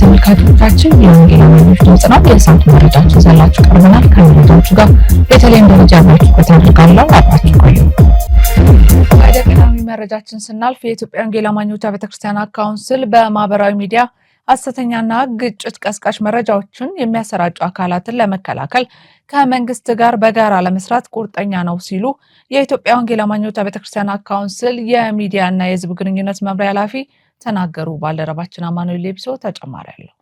ተመልካቾቻችን የወንጌለኞች ድምጽ ነው። የሰዓቱ መረጃችን ዘላችሁ ቀርበናል። ከመረጃዎቹ ጋር በተለይም ደረጃ ያላችሁ ከተደርጋለው አብራችሁ ቆዩ። ወደ ቀዳሚ መረጃችን ስናልፍ የኢትዮጵያ ወንጌል አማኞች ቤተክርስቲያን ካውንስል በማህበራዊ ሚዲያ ሐሰተኛና ግጭት ቀስቃሽ መረጃዎችን የሚያሰራጩ አካላትን ለመከላከል ከመንግስት ጋር በጋራ ለመስራት ቁርጠኛ ነው ሲሉ የኢትዮጵያ ወንጌል አማኞች ቤተክርስቲያን ካውንስል የሚዲያና የህዝብ ግንኙነት መምሪያ ኃላፊ ተናገሩ። ባልደረባችን አማኑኤል ሌብሶ ተጨማሪ አለው።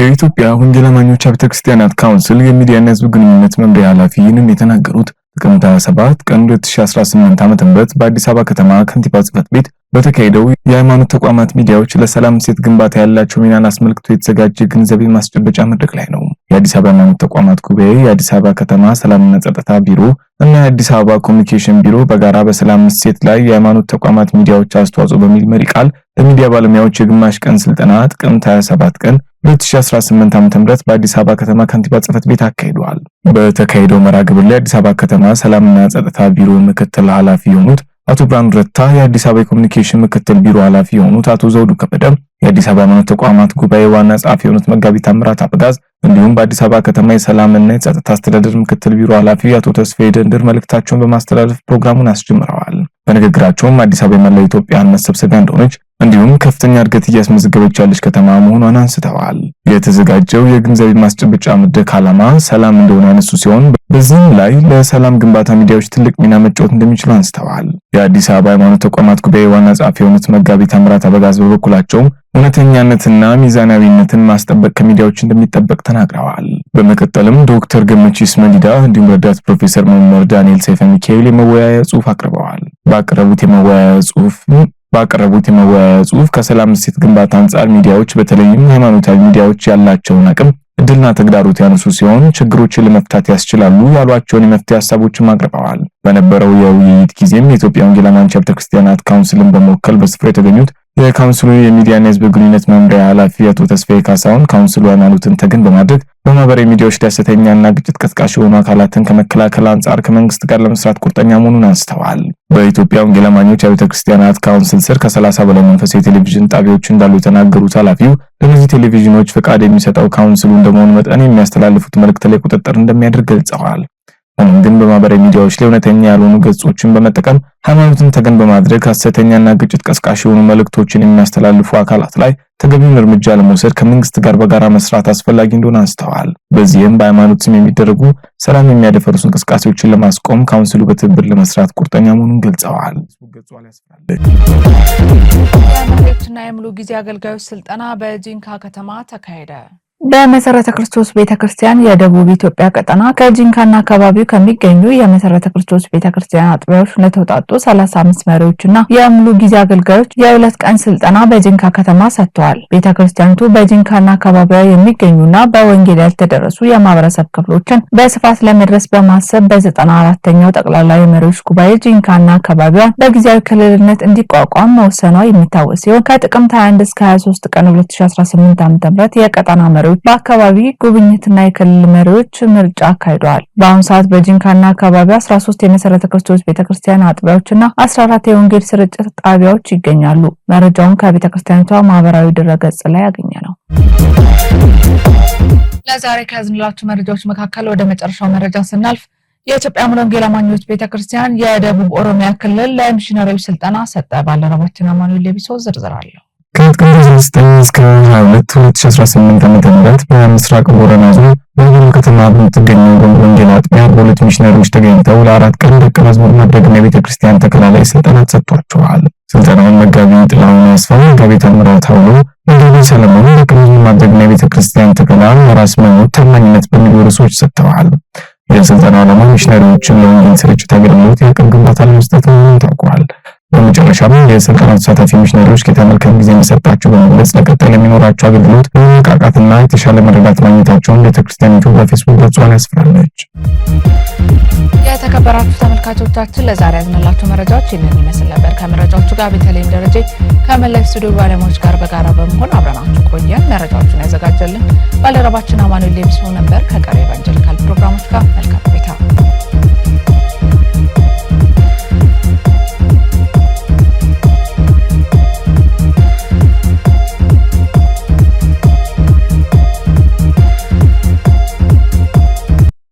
የኢትዮጵያ ወንጌል አማኞች ቤተክርስቲያናት ካውንስል የሚዲያና ሕዝብ ግንኙነት መምሪያ ኃላፊ ይህንን የተናገሩት ጥቅምት 27 ቀን 2018 ዓ.ም በአዲስ አበባ ከተማ ከንቲባ ጽሕፈት ቤት በተካሄደው የሃይማኖት ተቋማት ሚዲያዎች ለሰላም ሴት ግንባታ ያላቸው ሚናን አስመልክቶ የተዘጋጀ ግንዛቤ ማስጨበጫ መድረክ ላይ ነው። የአዲስ አበባ ሃይማኖት ተቋማት ጉባኤ፣ የአዲስ አበባ ከተማ ሰላምና ጸጥታ ቢሮ እና የአዲስ አበባ ኮሚኒኬሽን ቢሮ በጋራ በሰላም እሴት ላይ የሃይማኖት ተቋማት ሚዲያዎች አስተዋጽኦ በሚል መሪ ቃል ለሚዲያ ባለሙያዎች የግማሽ ቀን ስልጠና ጥቅምት 27 ቀን 2018 ዓ.ም በአዲስ አበባ ከተማ ከንቲባ ጽህፈት ቤት አካሂደዋል። በተካሄደው መርሃ ግብር ላይ አዲስ አበባ ከተማ ሰላምና ጸጥታ ቢሮ ምክትል ኃላፊ የሆኑት አቶ ብርሃኑ ረታ፣ የአዲስ አበባ የኮሚኒኬሽን ምክትል ቢሮ ኃላፊ የሆኑት አቶ ዘውዱ ከበደ፣ የአዲስ አበባ ሃይማኖት ተቋማት ጉባኤ ዋና ጸሐፊ የሆኑት መጋቢ ታምራት አበጋዝ እንዲሁም በአዲስ አበባ ከተማ የሰላምና የጸጥታ አስተዳደር ምክትል ቢሮ ኃላፊ አቶ ተስፋዬ ደንድር መልእክታቸውን በማስተላለፍ ፕሮግራሙን አስጀምረዋል። በንግግራቸውም አዲስ አበባ የመላው ኢትዮጵያ መሰብሰቢያ እንደሆነች እንዲሁም ከፍተኛ እድገት እያስመዘገበች ያለች ከተማ መሆኗን አንስተዋል። የተዘጋጀው የግንዛቤ ማስጨበጫ መድረክ ዓላማ ሰላም እንደሆነ ያነሱ ሲሆን በዚህም ላይ ለሰላም ግንባታ ሚዲያዎች ትልቅ ሚና መጫወት እንደሚችሉ አንስተዋል። የአዲስ አበባ ሃይማኖት ተቋማት ጉባኤ ዋና ጸሐፊ የሆኑት መጋቢ ተምራት አበጋዝ በበኩላቸው እውነተኛነትና ሚዛናዊነትን ማስጠበቅ ከሚዲያዎች እንደሚጠበቅ ተናግረዋል። በመቀጠልም ዶክተር ገመቺስ መዲዳ እንዲሁም ረዳት ፕሮፌሰር መምህር ዳንኤል ሰይፈ ሚካኤል የመወያያ ጽሑፍ አቅርበዋል። ባቀረቡት የመወያያ ጽሁፍ ባቀረቡት የመወያያ ጽሁፍ ከሰላም እሴት ግንባታ አንጻር ሚዲያዎች በተለይም ሃይማኖታዊ ሚዲያዎች ያላቸውን አቅም እድልና ተግዳሮት ያነሱ ሲሆን ችግሮችን ለመፍታት ያስችላሉ ያሏቸውን የመፍትሄ ሀሳቦችም አቅርበዋል። በነበረው የውይይት ጊዜም የኢትዮጵያ ወንጌላውያን ቤተ ክርስቲያናት ካውንስልን በመወከል በስፍራ የተገኙት የካውንስሉ የሚዲያና ህዝብ ግንኙነት መምሪያ ኃላፊ አቶ ተስፋዬ ካሳሁን ካውንስሉ ሃይማኖትን ተገን በማድረግ በማህበራዊ ሚዲያዎች ደስተኛና ግጭት ቀስቃሽ የሆኑ አካላትን ከመከላከል አንጻር ከመንግስት ጋር ለመስራት ቁርጠኛ መሆኑን አንስተዋል። በኢትዮጵያ ወንጌል አማኞች አብያተ ክርስቲያናት ካውንስል ስር ከሰላሳ በላይ መንፈሳዊ ቴሌቪዥን ጣቢያዎች እንዳሉ የተናገሩት ኃላፊው ለእነዚህ ቴሌቪዥኖች ፈቃድ የሚሰጠው ካውንስሉ እንደመሆኑ መጠን የሚያስተላልፉት መልእክት ላይ ቁጥጥር እንደሚያደርግ ገልጸዋል። ሆኖም ግን በማህበራዊ ሚዲያዎች ላይ እውነተኛ ያልሆኑ ገጾችን በመጠቀም ሃይማኖትን ተገን በማድረግ ሀሰተኛና ግጭት ቀስቃሽ የሆኑ መልእክቶችን የሚያስተላልፉ አካላት ላይ ተገቢውን እርምጃ ለመውሰድ ከመንግስት ጋር በጋራ መስራት አስፈላጊ እንደሆነ አንስተዋል። በዚህም በሃይማኖት ስም የሚደረጉ ሰላም የሚያደፈርሱ እንቅስቃሴዎችን ለማስቆም ካውንስሉ በትብብር ለመስራት ቁርጠኛ መሆኑን ገልጸዋል። የሙሉ ጊዜ አገልጋዮች ስልጠና በጂንካ ከተማ ተካሄደ። በመሰረተ ክርስቶስ ቤተ ክርስቲያን የደቡብ ኢትዮጵያ ቀጠና ከጂንካና አካባቢው ከሚገኙ የመሰረተ ክርስቶስ ቤተ ክርስቲያን አጥቢያዎች ለተውጣጡ ሰላሳ አምስት መሪዎችና የሙሉ ጊዜ አገልጋዮች የሁለት ቀን ስልጠና በጂንካ ከተማ ሰጥተዋል። ቤተ ክርስቲያኒቱ በጂንካና አካባቢዋ የሚገኙና በወንጌል ያልተደረሱ የማህበረሰብ ክፍሎችን በስፋት ለመድረስ በማሰብ በዘጠና አራተኛው ጠቅላላ የመሪዎች ጉባኤ ጂንካና አካባቢዋን በጊዜያዊ ክልልነት እንዲቋቋም መወሰኗ የሚታወስ ሲሆን ከጥቅምት 21 እስከ 23 ቀን 2018 ዓ ም የቀጠና መሪዎች በአካባቢ ጉብኝትና የክልል መሪዎች ምርጫ አካሂደዋል። በአሁኑ ሰዓት በጂንካና አካባቢ 13 የመሰረተ ክርስቶስ ቤተክርስቲያን አጥቢያዎችና 14 የወንጌል ስርጭት ጣቢያዎች ይገኛሉ። መረጃውን ከቤተክርስቲያኒቷ ማህበራዊ ድረገጽ ላይ ያገኘ ነው። ለዛሬ ከያዝንላችሁ መረጃዎች መካከል ወደ መጨረሻው መረጃ ስናልፍ የኢትዮጵያ ሙሉ ወንጌል አማኞች ቤተክርስቲያን የደቡብ ኦሮሚያ ክልል ለሚሽነሪዎች ስልጠና ሰጠ። ባልደረባችን አማኑ ሌቢሶ ዝርዝር አለው። ምክንያት 29 እስከ 22 2018 ዓ.ም በምስራቅ ቦረና ዞን በየሎ ከተማ በምትገኘው በወንጌል አጥቢያ በሁለት ሚሽነሪዎች ተገኝተው ለአራት ቀን ደቀ መዝሙር መድረክና የቤተ ክርስቲያን ተከላ ላይ ስልጠና ተሰጥቷቸዋል። ስልጠናውን መጋቢ ጥላሁን አስፋ መጋቢ ታምራት አውሎ፣ መጋቢ ሰለሞን ደቀ መዝሙር ማድረግና የቤተ ክርስቲያን ተከላ ለራስ መሞት ታማኝነት በሚሉ ርዕሶች ሰጥተዋል። የስልጠናው ዓላማ ሚሽነሪዎችን ለወንጌል ስርጭት አገልግሎት የአቅም ግንባታ ለመስጠት መሆኑን ታውቋል። በመጨረሻም የስልጠና ተሳታፊ ሚሽነሪዎች ከተመልከም ጊዜ የሚሰጣቸው በመግለጽ ለቀጣይ ለሚኖራቸው አገልግሎት መነቃቃትና የተሻለ መረዳት ማግኘታቸውን ቤተክርስቲያኒቱ በፌስቡክ ገጿን ያስፍራለች። የተከበራችሁ ተመልካቾቻችን ለዛሬ ያዝንላችሁ መረጃዎች ይህንን ይመስል ነበር። ከመረጃዎቹ ጋር በተለይም ደረጀ ከመላይ ስቱዲዮ ባለሙያዎች ጋር በጋራ በመሆን አብረናችሁ ቆየን። መረጃዎቹን ያዘጋጀልን ባልደረባችን አማኑ ሌብሶ ነበር። ከቀሪ ባንጀል